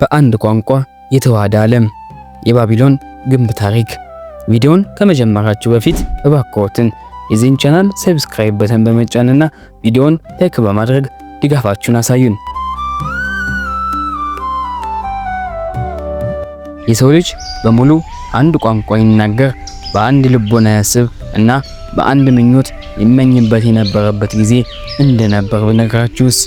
በአንድ ቋንቋ የተዋሃደ ዓለም የባቢሎን ግንብ ታሪክ። ቪዲዮን ከመጀመራችሁ በፊት እባክዎትን የዚህን ቻናል ሰብስክራይብ በተን በመጫንና ቪዲዮን ላይክ በማድረግ ድጋፋችሁን አሳዩን። የሰው ልጅ በሙሉ አንድ ቋንቋ ይናገር፣ በአንድ ልቦና ያስብ እና በአንድ ምኞት ይመኝበት የነበረበት ጊዜ እንደነበር ብነግራችሁስ?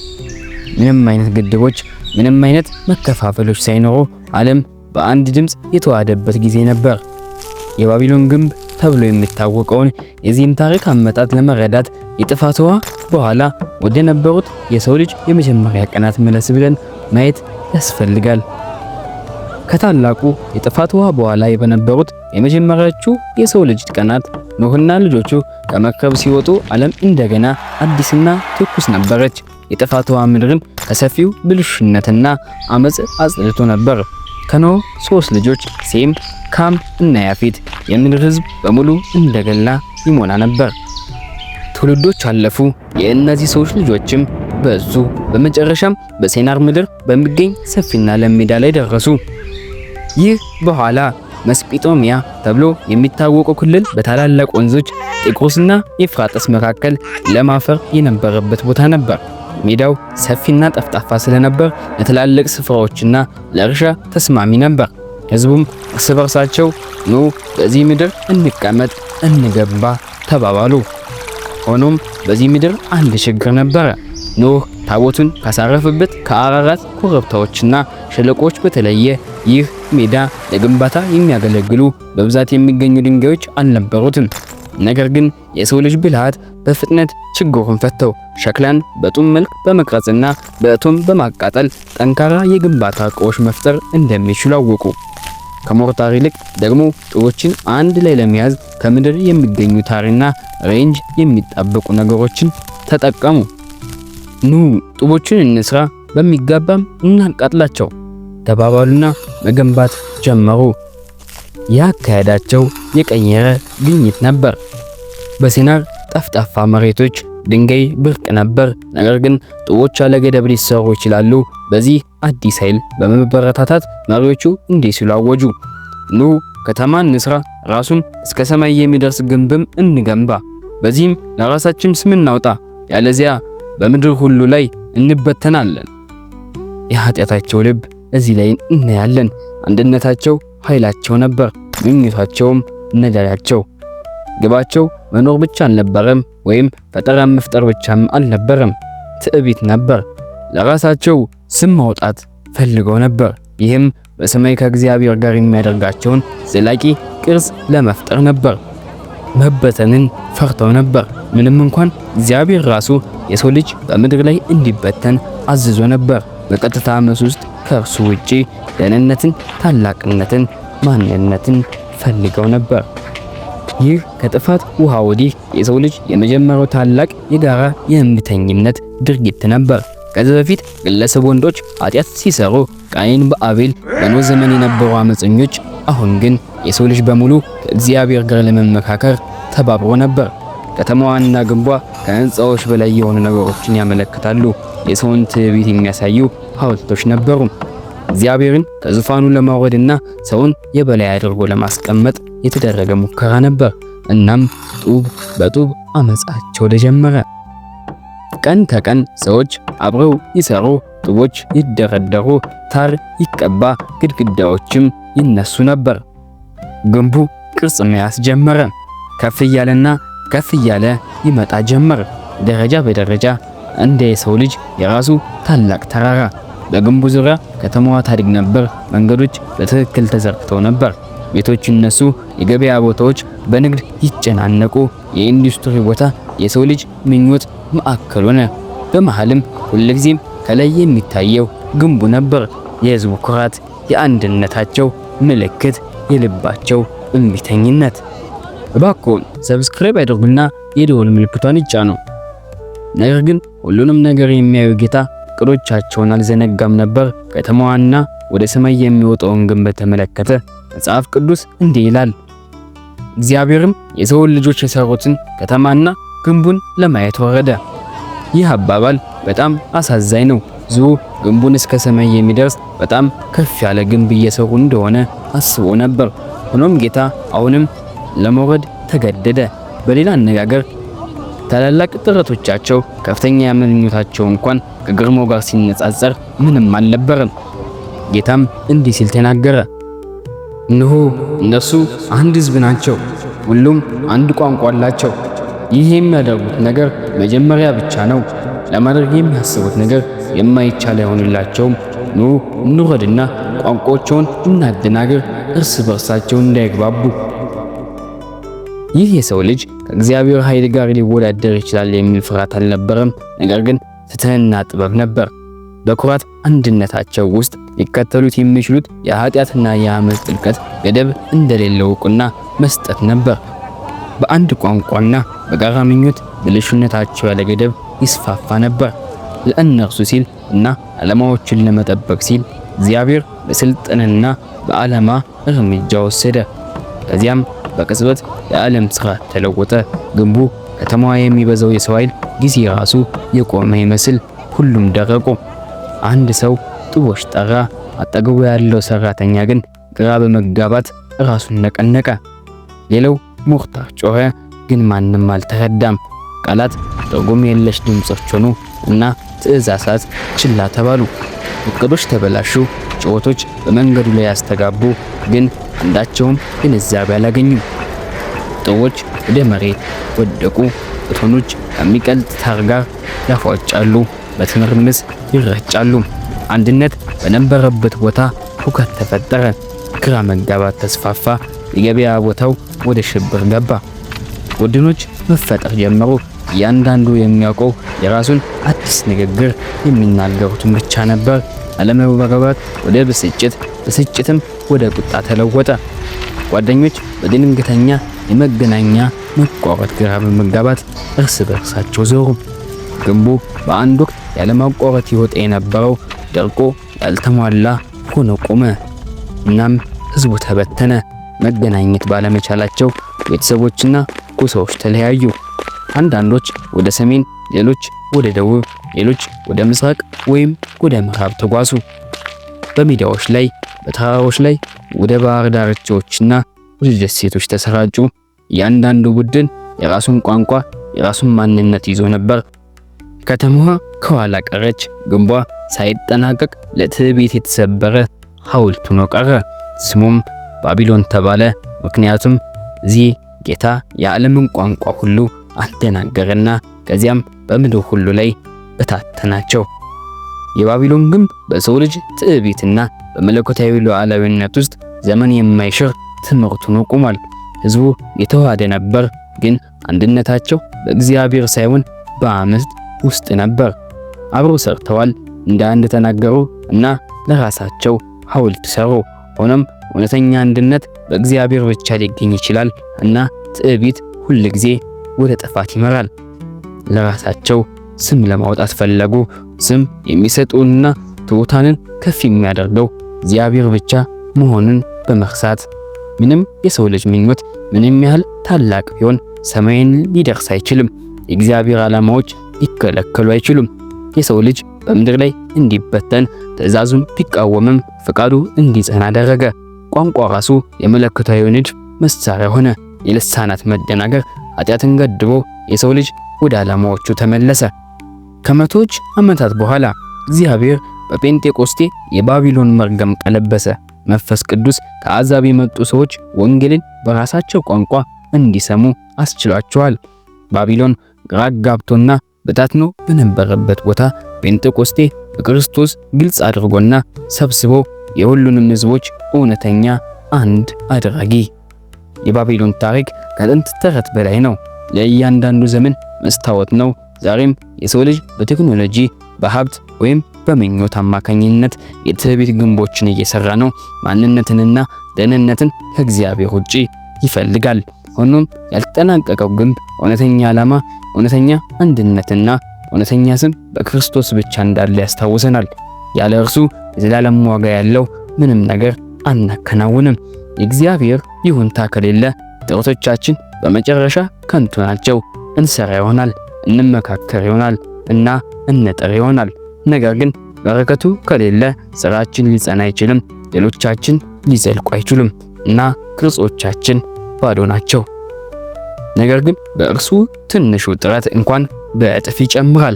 ምንም አይነት ግድቦች ምንም አይነት መከፋፈሎች ሳይኖሩ ዓለም በአንድ ድምፅ የተዋሃደበት ጊዜ ነበር። የባቢሎን ግንብ ተብሎ የሚታወቀውን የዚህም ታሪክ አመጣጥ ለመረዳት የጥፋት ውሃ በኋላ ወደ ነበሩት የሰው ልጅ የመጀመሪያ ቀናት መለስ ብለን ማየት ያስፈልጋል። ከታላቁ የጥፋት ውሃ በኋላ የበነበሩት የመጀመሪያዎቹ የሰው ልጅ ቀናት ኖህና ልጆቹ ከመርከብ ሲወጡ ዓለም እንደገና አዲስና ትኩስ ነበረች። የጥፋት ውሃ ምድርም ከሰፊው ብልሹነትና አመጽ አጽድቶ ነበር። ከኖህ ሶስት ልጆች ሴም፣ ካም እና ያፌት የምድር ህዝብ በሙሉ እንደገላ ይሞላ ነበር። ትውልዶች አለፉ። የእነዚህ ሰዎች ልጆችም በዙ። በመጨረሻም በሴናር ምድር በሚገኝ ሰፊና ለም ሜዳ ላይ ደረሱ። ይህ በኋላ መስጲጦሚያ ተብሎ የሚታወቀው ክልል በታላላቅ ወንዞች ጤግሮስና ኤፍራጥስ መካከል ለም አፈር የነበረበት ቦታ ነበር። ሜዳው ሰፊና ጠፍጣፋ ስለነበር ለትላልቅ ስፍራዎችና ለእርሻ ተስማሚ ነበር። ህዝቡም እርስ በርሳቸው ኑ በዚህ ምድር እንቀመጥ፣ እንገባ ተባባሉ። ሆኖም በዚህ ምድር አንድ ችግር ነበረ። ኖህ ታቦቱን ካሳረፈበት ከአራራት ኮረብታዎችና ሸለቆች በተለየ ይህ ሜዳ ለግንባታ የሚያገለግሉ በብዛት የሚገኙ ድንጋዮች አልነበሩትም። ነገር ግን የሰው ልጅ ብልሃት በፍጥነት ችግሩን ፈተው ሸክላን በጡም መልክ በመቅረጽና በእቶም በማቃጠል ጠንካራ የግንባታ እቃዎች መፍጠር እንደሚችሉ አወቁ። ከሞርታር ይልቅ ደግሞ ጡቦችን አንድ ላይ ለመያዝ ከምድር የሚገኙ ታሪና ሬንጅ የሚጣበቁ ነገሮችን ተጠቀሙ። ኑ ጡቦችን እንስራ፣ በሚገባም እናቃጥላቸው ተባባሉና መገንባት ጀመሩ። ያካሄዳቸው የቀየረ ግኝት ነበር። በሲናር ጠፍጣፋ መሬቶች ድንጋይ ብርቅ ነበር፣ ነገር ግን ጡቦች ያለ ገደብ ሊሰሩ ይችላሉ። በዚህ አዲስ ኃይል በመበረታታት መሪዎቹ እንዲህ ሲሉ አወጁ፣ ኑ ከተማን እንስራ፣ ራሱን እስከ ሰማይ የሚደርስ ግንብም እንገንባ። በዚህም ለራሳችን ስም እናውጣ፣ ያለዚያ በምድር ሁሉ ላይ እንበተናለን። የኃጢአታቸው ልብ እዚህ ላይ እናያለን። አንድነታቸው ኃይላቸው ነበር፣ ምኞታቸውም ነዳያቸው። ግባቸው መኖር ብቻ አልነበረም፣ ወይም ፈጠራ መፍጠር ብቻም አልነበረም። ትዕቢት ነበር። ለራሳቸው ስም ማውጣት ፈልገው ነበር። ይህም በሰማይ ከእግዚአብሔር ጋር የሚያደርጋቸውን ዘላቂ ቅርጽ ለመፍጠር ነበር። መበተንን ፈርተው ነበር። ምንም እንኳን እግዚአብሔር ራሱ የሰው ልጅ በምድር ላይ እንዲበተን አዝዞ ነበር። በቀጥታ አመስ ውስጥ ከእርሱ ውጪ ደህንነትን፣ ታላቅነትን፣ ማንነትን ፈልገው ነበር። ይህ ከጥፋት ውሃ ወዲህ የሰው ልጅ የመጀመሪያው ታላቅ የጋራ የእምቢተኝነት ድርጊት ነበር። ከዚህ በፊት ግለሰብ ወንዶች ኃጢአት ሲሰሩ ቃይን በአቤል በኖ ዘመን የነበሩ አመፀኞች፣ አሁን ግን የሰው ልጅ በሙሉ ከእግዚአብሔር ጋር ለመመካከር ተባብሮ ነበር። ከተማዋና ግንቧ ከህንፃዎች በላይ የሆኑ ነገሮችን ያመለክታሉ። የሰውን ትዕቢት የሚያሳዩ ሐውልቶች ነበሩ። እግዚአብሔርን ከዙፋኑ ለማውረድና ሰውን የበላይ አድርጎ ለማስቀመጥ የተደረገ ሙከራ ነበር። እናም ጡብ በጡብ አመጻቸው ተጀመረ። ቀን ከቀን ሰዎች አብረው ይሰሩ፣ ጡቦች ይደረደሩ፣ ታር ይቀባ፣ ግድግዳዎችም ይነሱ ነበር። ግንቡ ቅርጽ መያዝ ጀመረ። ከፍ እያለና ከፍ እያለ ይመጣ ጀመር። ደረጃ በደረጃ እንደ የሰው ልጅ የራሱ ታላቅ ተራራ። በግንቡ ዙሪያ ከተማዋ ታድግ ነበር። መንገዶች በትክክል ተዘርግተው ነበር። ቤቶች ይነሱ፣ የገበያ ቦታዎች በንግድ ይጨናነቁ፣ የኢንዱስትሪ ቦታ የሰው ልጅ ምኞት ማዕከል ሆነ። በመሃልም ሁልጊዜም ከላይ የሚታየው ግንቡ ነበር፣ የህዝቡ ኩራት፣ የአንድነታቸው ምልክት፣ የልባቸው እምቢተኝነት። እባክዎ ሰብስክራይብ ያድርጉና የደወል ምልክቷን ይጫኑ። ነገር ግን ሁሉንም ነገር የሚያዩ ጌታ እቅዶቻቸውን አልዘነጋም ነበር። ከተማዋና ወደ ሰማይ የሚወጣውን ግንብ ተመለከተ። መጽሐፍ ቅዱስ እንዲህ ይላል፣ እግዚአብሔርም የሰውን ልጆች የሰሩትን ከተማና ግንቡን ለማየት ወረደ። ይህ አባባል በጣም አሳዛኝ ነው። ዙ ግንቡን እስከ ሰማይ የሚደርስ በጣም ከፍ ያለ ግንብ እየሰሩ እንደሆነ አስቦ ነበር። ሆኖም ጌታ አሁንም ለመውረድ ተገደደ። በሌላ አነጋገር ታላላቅ ጥረቶቻቸው ከፍተኛ ያመኞታቸው እንኳን ከግርማው ጋር ሲነጻጸር ምንም አልነበረም። ጌታም እንዲህ ሲል ተናገረ። እንሆ እነሱ አንድ ሕዝብ ናቸው፣ ሁሉም አንድ ቋንቋ አላቸው። ይህ የሚያደርጉት ነገር መጀመሪያ ብቻ ነው። ለማድረግ የሚያስቡት ነገር የማይቻል አይሆንላቸውም። ኑ እንውረድና ቋንቋቸውን እናደናግር፣ እርስ በርሳቸው እንዳይግባቡ። ይህ የሰው ልጅ ከእግዚአብሔር ኃይል ጋር ሊወዳደር ይችላል የሚል ፍርሃት አልነበረም። ነገር ግን ፍትህና ጥበብ ነበር። በኩራት አንድነታቸው ውስጥ ሊከተሉት የሚችሉት የኃጢአትና የአመፅ ጥልቀት ገደብ እንደሌለው እውቅና መስጠት ነበር። በአንድ ቋንቋና በጋራ ምኞት ያለ ገደብ ይስፋፋ ነበር። ለእነርሱ ሲል እና ዓላማዎችን ለመጠበቅ ሲል እግዚአብሔር በስልጣንና በዓላማ እርምጃ ወሰደ። ከዚያም በቅጽበት የዓለም ስራ ተለወጠ። ግንቡ፣ ከተማዋ፣ የሚበዛው የሰው ኃይል፣ ጊዜ ራሱ የቆመ ይመስል ሁሉም ደረቁ። አንድ ሰው ጥቦሽ ጠራ። አጠገቡ ያለው ሰራተኛ ግን ግራ በመጋባት ራሱን ነቀነቀ። ሌላው ሙኽታር ጮኸ፣ ግን ማንም አልተረዳም። ቃላት ትርጉም የለሽ ድምጾች ሆኑ እና ትዕዛዛት ችላ ተባሉ። እቅዶች ተበላሹ፣ ጨዋቶች በመንገዱ ላይ ያስተጋቡ፣ ግን አንዳቸውም ግንዛቤ አላገኙም። ጥቦች ወደ መሬት ወደቁ። እቶኖች ከሚቀልጥ ታር ጋር ያፏጫሉ፣ በትምርምስ ይረጫሉ። አንድነት በነበረበት ቦታ ሁከት ተፈጠረ። ግራ መጋባት ተስፋፋ። የገበያ ቦታው ወደ ሽብር ገባ። ቡድኖች መፈጠር ጀመሩ። እያንዳንዱ የሚያውቀው የራሱን አዲስ ንግግር የሚናገሩትን ብቻ ነበር። አለመግባባት ወደ ብስጭት፣ ብስጭትም ወደ ቁጣ ተለወጠ። ጓደኞች በድንገተኛ የመገናኛ መቋረጥ ግራ በመጋባት እርስ በርሳቸው ዞሩ። ግንቡ በአንድ ወቅት ያለማቋረጥ ይወጣ የነበረው ደርቆ ያልተሟላ ሆኖ ቆመ። እናም ህዝቡ ተበተነ። መገናኘት ባለመቻላቸው ቤተሰቦችና ጎሳዎች ተለያዩ። አንዳንዶች ወደ ሰሜን፣ ሌሎች ወደ ደቡብ፣ ሌሎች ወደ ምስራቅ ወይም ወደ ምዕራብ ተጓዙ። በሜዳዎች ላይ፣ በተራራዎች ላይ፣ ወደ ባህር ዳርቻዎችና ወደ ደሴቶች ተሰራጩ። እያንዳንዱ ቡድን የራሱን ቋንቋ፣ የራሱን ማንነት ይዞ ነበር። ከተማዋ ከኋላ ቀረች። ግንቧ ሳይጠናቀቅ ለትዕቢት የተሰበረ ሐውልት ሆኖ ቀረ። ስሙም ባቢሎን ተባለ። ምክንያቱም እዚህ ጌታ የዓለምን ቋንቋ ሁሉ አልተናገረና ከዚያም በምድር ሁሉ ላይ በታተናቸው። የባቢሎን ግንብ በሰው ልጅ ትዕቢትና በመለኮታዊ ሉዓላዊነት ውስጥ ዘመን የማይሽር ትምህርት ሆኖ ቆሟል። ሕዝቡ የተዋሃደ ነበር፣ ግን አንድነታቸው በእግዚአብሔር ሳይሆን በአመጽ ውስጥ ነበር። አብረው ሰርተዋል፣ እንደ አንድ ተናገሩ እና ለራሳቸው ሐውልት ሰሩ። ሆኖም እውነተኛ አንድነት በእግዚአብሔር ብቻ ሊገኝ ይችላል እና ትዕቢት ሁል ጊዜ ወደ ጥፋት ይመራል። ለራሳቸው ስም ለማውጣት ፈለጉ። ስም የሚሰጡና ትሑታንን ከፍ የሚያደርገው እግዚአብሔር ብቻ መሆኑን በመርሳት ምንም የሰው ልጅ ምኞት ምንም ያህል ታላቅ ቢሆን ሰማይን ሊደርስ አይችልም። የእግዚአብሔር ዓላማዎች ሊከለከሉ አይችሉም። የሰው ልጅ በምድር ላይ እንዲበተን ትዕዛዙን ቢቃወምም ፈቃዱ እንዲጸና አደረገ። ቋንቋ ራሱ የመለኮታዊ ንድፍ መሳሪያ ሆነ። የልሳናት መደናገር ኃጢአትን ገድቦ የሰው ልጅ ወደ ዓላማዎቹ ተመለሰ። ከመቶዎች ዓመታት በኋላ እግዚአብሔር በጴንጤቆስቴ የባቢሎን መርገም ቀለበሰ። መንፈስ ቅዱስ ከአሕዛብ የመጡ ሰዎች ወንጌልን በራሳቸው ቋንቋ እንዲሰሙ አስችሏቸዋል። ባቢሎን ግራ ጋብቶና በታትኖ በነበረበት ቦታ ጴንጤቆስቴ በክርስቶስ ግልጽ አድርጎና ሰብስቦ የሁሉንም ሕዝቦች እውነተኛ አንድ አድራጊ። የባቢሎን ታሪክ ከጥንት ተረት በላይ ነው። ለእያንዳንዱ ዘመን መስታወት ነው። ዛሬም የሰው ልጅ በቴክኖሎጂ በሀብት ወይም በምኞት አማካኝነት የትዕቢት ግንቦችን እየሰራ ነው። ማንነትንና ደህንነትን ከእግዚአብሔር ውጪ ይፈልጋል። ሆኖም ያልተጠናቀቀው ግንብ እውነተኛ ዓላማ እውነተኛ አንድነትና እውነተኛ ስም በክርስቶስ ብቻ እንዳለ ያስታውሰናል። ያለ እርሱ የዘላለም ዋጋ ያለው ምንም ነገር አናከናውንም። የእግዚአብሔር ይሁንታ ከሌለ ጥረቶቻችን በመጨረሻ ከንቱ ናቸው። እንሰራ ይሆናል፣ እንመካከር ይሆናል እና እንጠር ይሆናል። ነገር ግን በረከቱ ከሌለ ስራችን ሊጸና አይችልም፣ ሌሎቻችን ሊዘልቁ አይችሉም እና ቅርጾቻችን ባዶ ናቸው። ነገር ግን በእርሱ ትንሹ ጥረት እንኳን በእጥፍ ይጨምራል፣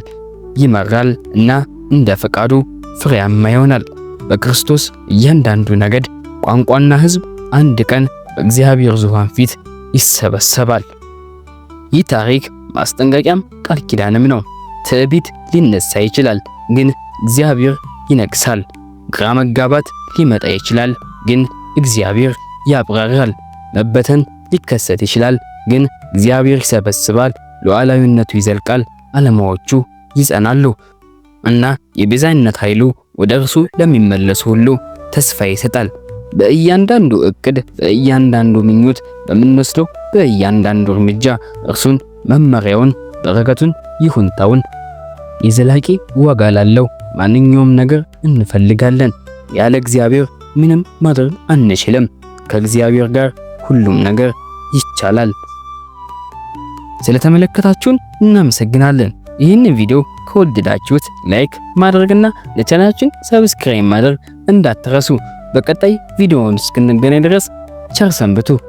ይመራል እና እንደ ፈቃዱ ፍሬያማ ይሆናል። በክርስቶስ እያንዳንዱ ነገድ፣ ቋንቋና ሕዝብ አንድ ቀን በእግዚአብሔር ዙፋን ፊት ይሰበሰባል። ይህ ታሪክ ማስጠንቀቂያም ቃል ኪዳንም ነው። ትዕቢት ሊነሳ ይችላል፣ ግን እግዚአብሔር ይነግሳል። ግራ መጋባት ሊመጣ ይችላል፣ ግን እግዚአብሔር ያብራራል። መበተን ሊከሰት ይችላል፣ ግን እግዚአብሔር ይሰበስባል፣ ሉዓላዊነቱ ይዘልቃል፣ አለማዎቹ ይጸናሉ እና የቤዛነት ኃይሉ ወደ እርሱ ለሚመለሱ ሁሉ ተስፋ ይሰጣል። በእያንዳንዱ እቅድ፣ በእያንዳንዱ ምኞት፣ በምንወስደው በእያንዳንዱ እርምጃ እርሱን፣ መመሪያውን፣ በረከቱን፣ ይሁንታውን የዘላቂ ዋጋ ላለው ማንኛውም ነገር እንፈልጋለን። ያለ እግዚአብሔር ምንም ማድረግ አንችልም። ከእግዚአብሔር ጋር ሁሉም ነገር ይቻላል። ስለተመለከታችሁን እናመሰግናለን። ይህንን ቪዲዮ ከወደዳችሁት ላይክ ማድረግና ለቻናላችን ሰብስክራይብ ማድረግ እንዳትረሱ። በቀጣይ ቪዲዮውን እስክንገናኝ ድረስ ቸር ሰንብቱ።